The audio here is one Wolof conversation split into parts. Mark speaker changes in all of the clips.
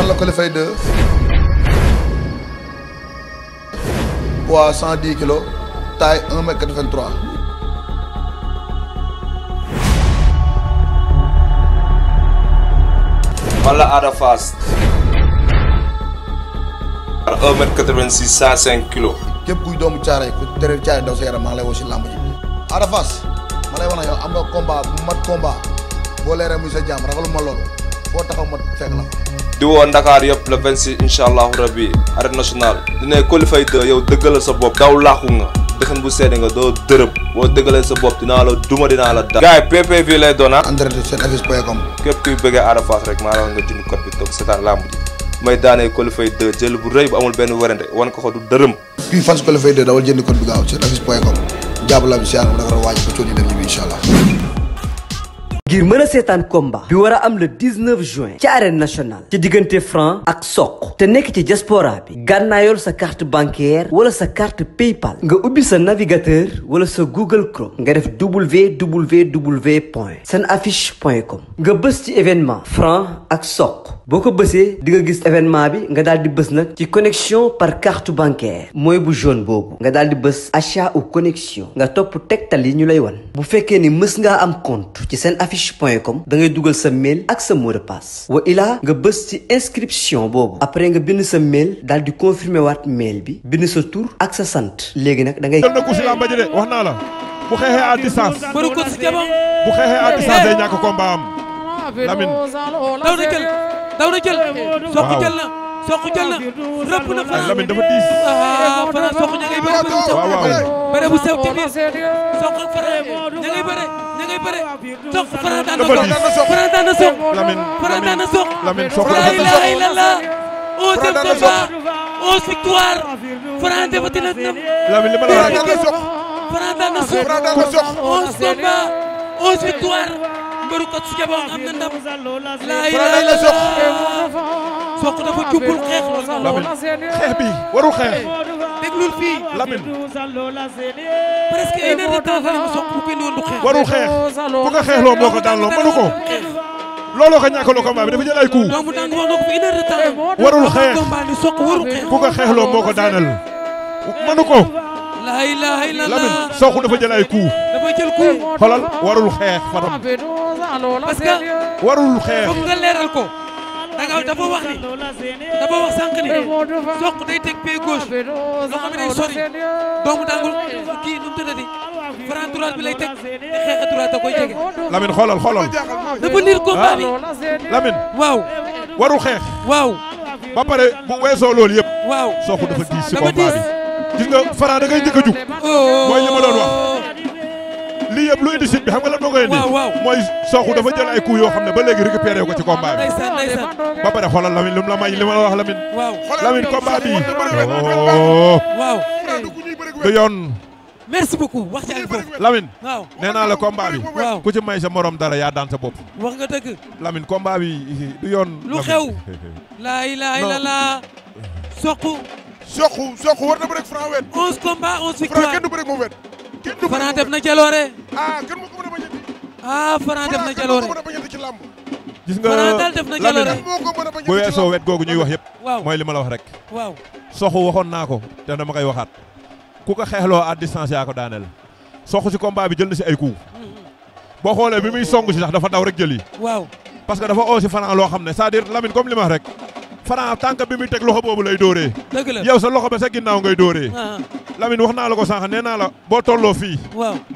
Speaker 1: man la Colifay 2 poids 110 kilos taille 1 mètre 83. man la Ada Fass.
Speaker 2: par 1 mètre 86
Speaker 1: kuy doomu caaray ku tere caaray daw sa yaram maa lay woo si làmb ji. Ada Fass lay wax ne yow am nga combat bu mat combat boo leeree muy sa jàmm ragaluma loolu. boo taxaw ma fekk la
Speaker 2: di woo Ndakaar yëpp le 26 incha allahu rabi arène nationale di ne Coly Faye 2 yow dëggalal sa bopp daw laaxu nga dëxan bu seede nga doo dërëb boo dëggalee sa bopp dinaa la duma dinaa la da gars yi PPV lay doon
Speaker 1: ah en direct seen affiche point com
Speaker 2: képp kuy bëggee Ada Fass rek maa nga jënd code bi toog seetaan lamb ji may daanee Coly Faye 2 jël bu rëy bu amul benn werante wan ko ko du dërëm
Speaker 1: kuy fans Coly Faye 2 dawal jënd code bi gaaw seen affiche
Speaker 3: ngir mën a seetaan combat bi war a am le 19 juin ci arène national ci diggante franc ak soq te nekk ci diaspora bi gànnaayool sa carte bancaire wala sa carte paypal nga ubbi sa navigateur wala sa google chrome nga def www point seen affiche point com nga bës ci événement franc ak soq boo ko bësee di nga gis événement bi nga daal di bës nag ci connexion par carte bancaire mooy bu jaune boobu nga daal di bës achat ou connexion nga topp tegtal yi ñu lay wan bu fekkee ni mës ngaa am compte ci seen affiche point com dangay dugal sa mail ak sa mot de wa ilaa nga bës ci inscription boobu après nga bind sa mail daal di confirmer waat mail bi bind sa tur ak sa sant léegi nag da ngay. na
Speaker 2: ku si làmba ji de wax naa la bu xeexee à bu
Speaker 4: xeexee à daw na jël soq jël na soq jël na rëpp na Franc Lamine dafa diis ah Franc soq ña ngay bëre bëre bu sew ci biir soq ak Franc ña ngay bëre ña ngay bëre soq Franc daan na soq Franc daan na soq Franc daan na soq la ilaha illallah onzième combat onze victoire Franc defati na nam Lamine li ma la wax Franc daan na soq Franc daan na soq onze combat onze victoire mbarukat su jaboon am na ndam laa ilaaha illa llaah soq dafa jubbul xeex lool xeex bi waru xeex déglul fii Lamine presque une heure de temps xale bu soq bu ko indiwoon du xeex warul xeex ku ko xeexloo moo ko daan loo mënu ko
Speaker 2: looloo ko ñàkkaloo dafa jël ay coup
Speaker 4: doomu warul xeex combat parce que
Speaker 2: warul xeex foog
Speaker 4: nga leeral ko da nga dafa wax ni dafa wax sànq ni soq day teg pied gauche loxo bi day sori doomu daangul kii nu mu tëddati franc droite bi lay teg te xeex droite da koy jege. Lamine xoolal xoolal. dafa niir combat bi Lamine.
Speaker 2: waaw warul xeex. waaw. ba pare bu weesoo loolu yëpp. waaw soq dafa diis si combat a oh. ma doon wax. lii yëpp lu yoo xam ne ba léegi récupéré ko ci combat bi. ba pare xoolal Lamine lu mu la may li ma la wax Lamine. waaw Lamine combat la combat bi. waaw ku ci may sa morom dara yaa daan sa bopp. wax nga dëgg. Lamine du yoon. lu xew.
Speaker 4: laa ilaaha illallaah. soxu. soxu soxu war na bëre ak Franc wet. 11 du bëre ak moom Franc def na jaloore. ah a a di. ah Franc na jaloore Franc kan moo ko mën a bañ a di ci làmb. gis nga Lamine bu
Speaker 2: weesoo wet googu ñuy wax yëpp. waaw mooy li ma la wax rek. waaw soxu waxoon naa ko te dama koy waxaat. ku ko xeexloo à distance yaa ko daaneel. soxu si combat bi jël na si ay kuu mm-hmm. boo xoolee bi muy song si sax dafa daw rek jëli. waaw parce que dafa oo si Franc loo xam ne saa à dire Lamine comme li ma wax rek. Franc tànk bi muy teg loxo boobu lay dóoree. yow sa loxo ba sa ginnaaw ngay dóoree. Ah. Lamine wax naa la ko sànq nee naa la boo tolloo fii.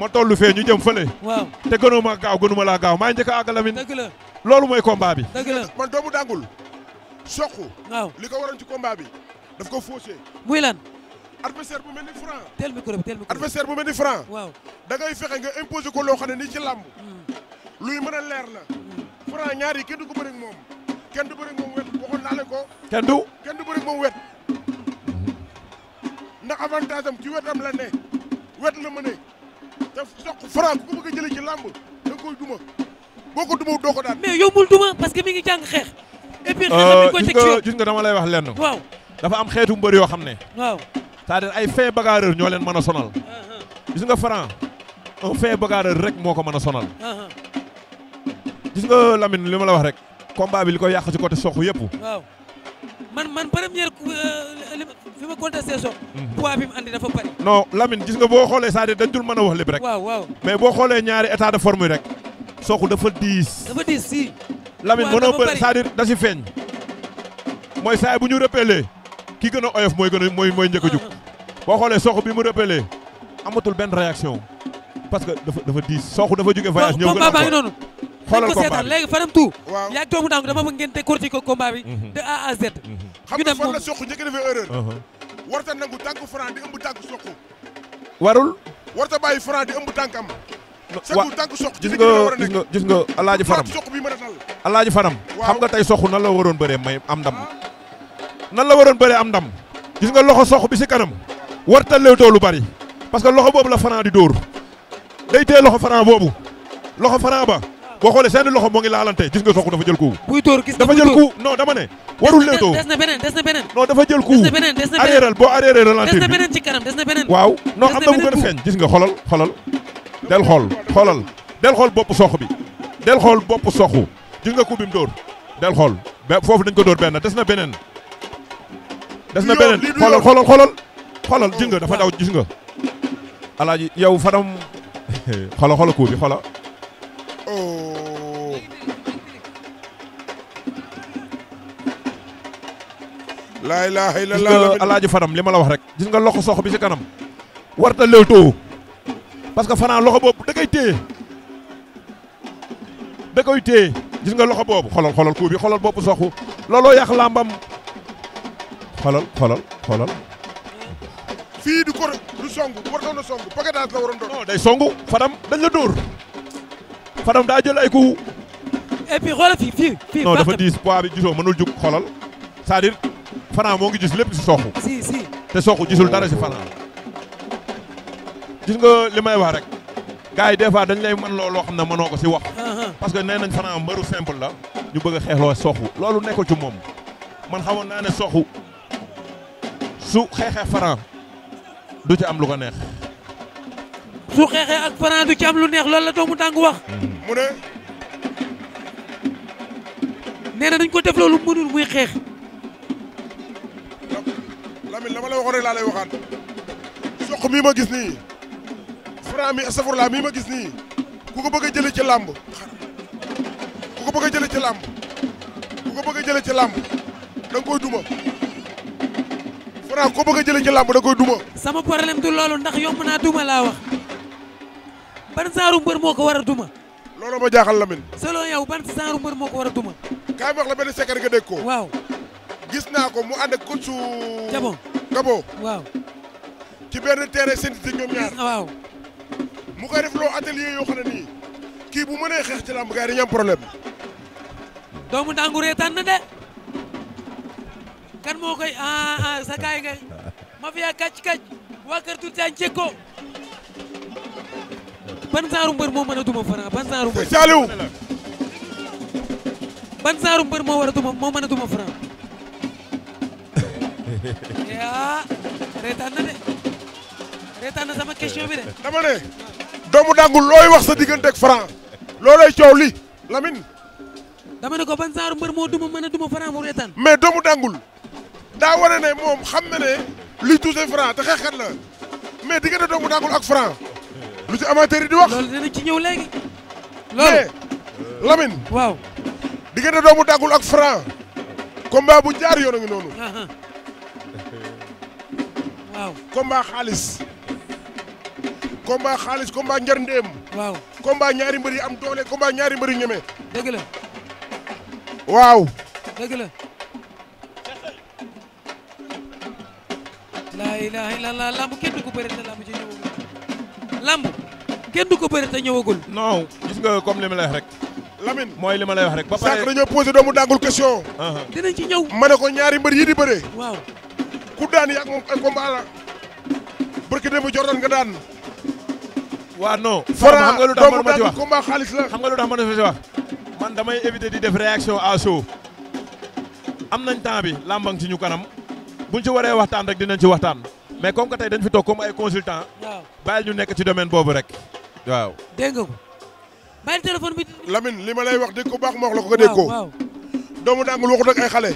Speaker 2: ma tollu fee ñu jëm fële. waaw te gënuma gaaw gënuma laa gaaw maa njëkk a àgg Lamine. loolu mooy combat bi.
Speaker 3: man doomu dàngul soq. waaw li ko waroon ci combat bi daf ko faussé. muy lan. adversaire bu mel ni Franc. tel micro bi tel ni Franc. waaw da ngay fexe nga imposer ko loo xam ne nii ci làmb. Hmm. luy mën a leer la. Hmm. Franc ñaar yi kenn du ko bëri moom. kenn du bëri moom wet ko. kenn du kenn du bëri ndax avantage ci wetam la ne wet la mëne te soq Franc ku ko bëgg a ci làmb da nga koy duma
Speaker 4: boo ko duma doo ko daan. mais yombul duma parce que mi ngi jàng xeex. et puis xeex koy
Speaker 2: euh, nga dama lay wax lenn. waaw dafa am xeetu mbër yoo xam ne. waaw cest ay fin bagarreur ñoo leen mën a sonal. Uh-huh. gis nga Franc fin bagarreur rek moo ko mën a sonal. Uh-huh. gis nga Lamine li ma la wax rek. combat bi li ko yàq ci côté soq yëpp.
Speaker 4: waaw man man première euh, fi ma contesté soq. Hmm. poids bi mu andi dafa bari.
Speaker 2: non Lamine gis nga boo xoolee cest à dañ dul mën a wax lépp rek. waaw waaw mais boo xoolee ñaari état de forme yi rek. soq dafa diis. dafa diis si. Lamine mënoo bëri cest à da si feeñ. mooy saa bu ñu rappelé ki gën a oyof mooy gën a mooy mooy njëkk jug. Ah. boo xoolee soq bi mu rappelé amatul benn réaction parce que dafa dafa diis soq dafa jóge voyage ñëw gën a
Speaker 4: xoolal combat bi seetaan léegi Fadam tout waaw yaa doomu dama bëgg ngeen décortiquer ko combat bi mhm. de A à Z mhm. xam nga fan la soq njëkk a defee erreur uh-huh. warta nangu tànku Franc di ëmb tànku soq
Speaker 2: warul
Speaker 3: warta bàyyi Franc di ëmb tànkam waaw gis nga gis nga
Speaker 2: gis nga alaaji faram alaaji faram xam nga tey sox nan la waroon bëree may am ndam ah. nan la waroon bëree am ndam gis nga loxo sox bi si kanam warta léewtoo lu bari parce que loxo boobu la Franc di dóor day tee loxo Franc boobu loxo Franc ba boo xoolee seen loxo moo ngi laalante gis nga soxu dafa jël coup. buy tóor gis nga dafa jël coup non dama ne. warul léetoo des na beneen des na beneen. non dafa jël coup. des na beneen na beneen arrière boo arrière ralentir. des waaw non am na bu gën a feeñ gis nga xolal xolal del xool xoolal del xool bopp sox bi del xool bopp soxu gis nga coup bi mu dóor del xool ba foofu dañ ko dóor benn des na beneen des na beneen xoolal xoolal xoolal xoolal gis nga dafa daw gis nga alaaji yow fanam xoolal xoolal coup bi xoolal laa ilaaha illallah alaaji Fadam li ma la wax rek gis nga loxo sox bi si kanam warta léewtoo parce que Franc loxo boobu da koy téye da koy téye gis nga loxo boobu xolol xolol kuu bi xolol boppu soxu looloo yàq làmbam xolol xolol xolol
Speaker 3: fii du ko du song waroon na song paquetage la waroon doon.
Speaker 2: non day songu Fadam dañ la dóor Fadam daa jël ay coups. et puis xoolal fii fii. fii non dafa diis poids bi gisoo mënul jug xolal c'est-à-dire. Franc moo ngi gis lépp si soxu si si te soxu gisul dara si Franc gis nga li may wax rek gars yi des fois dañ lay mën loo xam ne mënoo ko si wax uh-huh. parce que nee nañ Franc mbëru simple la ñu bëgg a xeexloo soxu loolu nekkul ci moom man xamoon naa ne soxu su xeexee Franc du ci am lu ko neex
Speaker 4: su xeexee ak Franc du ci am lu neex loolu la doomu tàng wax mu ne nee na dañ ko def loolu mënul muy xeex
Speaker 3: Lamine la ma la waxoon rek laa lay waxaat soq ma gis nii Franc mi astafurlaa mii ma gis nii ku ko bëgg a jëlee ci làmb ku ko bëgg a jëlee ci làmb ku ci làmb da duma
Speaker 4: Franc ko bëgg a jëlee ci làmb da koy duma. sama problème du loolu ndax yomb naa duma laa moo ko war a duma. loolu ma jaaxal Lamine.
Speaker 3: selon yow ban saaru mbër moo ko war a duma. kaay wax la benn secret ko gis naa ko mu ànd ak coach su. Gabon Gabon waaw. ci benn terrain synthétique ñoom ñaar waaw. mu koy def loo yoo xam nii kii bu mënee xeex ci làmb gars yi dañuy am
Speaker 4: problème. doomu ndàngu reetaan na de. kan moo koy ah ah sa kaay ngay ma fiya kàcc kàcc waa kër Toutian Cekko. ban saaru mbër moo mën a duma Franc ban saaru mbër. moo war a duma moo yaa reetaan na de reetaan na sama question bi de. dama
Speaker 3: doomu dangul looy wax sa digganteeg Franc loolay coow li Lamine. dama ne ko ban saaru mbër moo duma mën duma Franc mu reetaan. mais doomu dangul daa wane ne moom xam na ne luy touché Franc te xeexkat la mais diggante doomu dangul ak Franc lu ci amateur di wax. loolu dinañ ci ñëw léegi. loolu mais Lamine. waaw diggante doomu dangul ak Franc combat bu jaar yoon a noonu. waaw combat xaalis. combat xaalis combat njarndéem. waaw combat ñaari mbër yi am doole combat ñaari mbër yu ñeme.
Speaker 4: dëgg waaw. dëgg la. laa ilaha illallah lamb kenn du ko bëri te lamb ci ñëwagul.
Speaker 2: lamb kenn du ko bëri te ñëwagul. non gis nga comme li wax rek. Lamine mooy li rek. ba pare sànq
Speaker 3: dañoo posé doomu dàngul question. Uh-huh.
Speaker 2: dinañ ci ñëw. ma ne ko ñaari mbër yi di bëree.
Speaker 3: ku daan yàgg moom ay combat la barke démb Jordan nga daan. waaw non. Fara doomu daan bi
Speaker 2: combat xaalis la xam nga lu tax ma ne si wax. man damay éviter di def réaction à chaud. am nañ temps bi làmbang ci ñu kanam buñ ci waree waxtaan rek dinañ ci waxtaan mais comme que tey dañ fi toog comme ay consultant waaw bàyyil ñu nekk ci domaine boobu rek waaw. dégg nga ko bàyyi téléphone bi. Lamine li ma
Speaker 3: lay wax dégg ko baax ma wax la ko nga dégg ko. waaw doomu daangul waxut ak ay xale.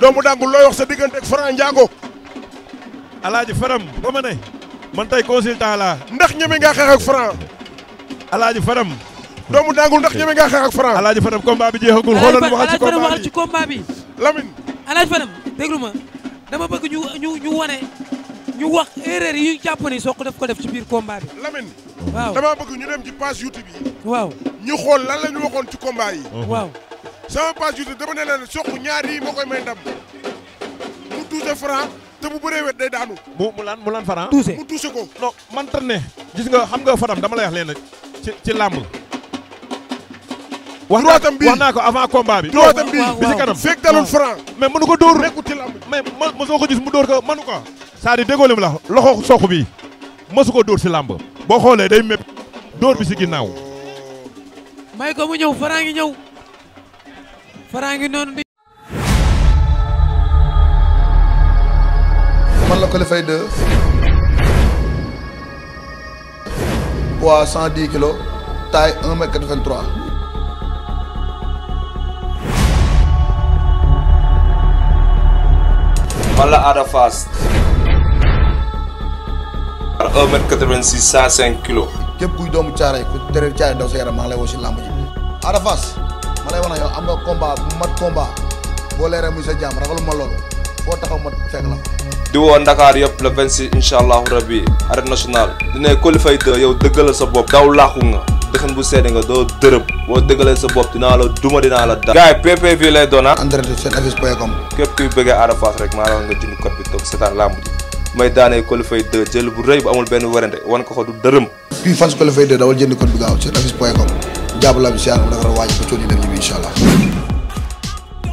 Speaker 3: doomu dàngu looy wax sa diggante ak Franc Ndiago. Faram dama ne. man tey consultant laa. ndax ñeme nga xeex ak Franc. Faram. doomu dàngul ndax ñeme nga
Speaker 2: xeex ak Franc. alaaji Faram combat bi jeexagul
Speaker 3: xoolal waxal
Speaker 4: ci combat bi alaaji Faram waxal bi. Lamine. alaaji Faram ma dama bëgg ñu ñu ñu wane ñu wax erreur yi ñu jàpp ni Sokh daf ko def ci biir combat bi. Lamine. dama bëgg ñu dem ci page YouTube yi. waaw ñu xool lan la ñu
Speaker 3: waxoon ci combat yi. sama page YouTube dama ne leen soq ñaar yi moo koy may ndam
Speaker 2: mu touché Franc te bu bëree wet day daanu. mu mu lan mu lan Franc. mu touché ko. non man ne gis nga xam nga Fadam dama la wax leen ci ci làmb. wax wax naa ko avant combat bi. waaw waaw bi ci kanam. fekk dalul Franc. mais mënu ko dóor nekkul ci mais ma mosoo ko mu dóor ko mënu ko. cest à la loxo soq bi mosu ko dóor si làmb. boo xoolee day mépp dóor bi si ginnaaw.
Speaker 4: may ko mu ñëw Franc ngi ñëw. Franc ngi noonu di.
Speaker 1: man la Colifay 2. poids 110 kilos taille 1 mètre man
Speaker 2: la Ada Fass. 1 mètre 86 105 kilos.
Speaker 1: képp kuy doomu caare ku tere caare daw sa yaram maa lay woo si làmb ji. ma lay wax nag yow am nga combat bu mat combat boo leeree muy sa jàmm ragalu ma loolu foo taxaw ma fekk la.
Speaker 2: di woo Ndakaar yëpp le 26 incha allahu rabi arène nationale di ne bu seede nga doo dërëm boo dëggalee sa bopp dinaa la duma dinaa la da gars yi
Speaker 1: PPV lay doon ah. entretien seen affiche point com.
Speaker 2: képp kuy bëggee Ada Fass rek maa la nga jënd code bi toog seetaan lamb ji may daanee qualifié 2 jël bu rëy bu amul benn
Speaker 1: werante wan ko xo du dërëm. kuy fans qualifié 2 dawal jënd code bi gaaw seen affiche point com. jàppale am si àll ba danga war a wàññi ba coono yi dem ñu bi incha allah.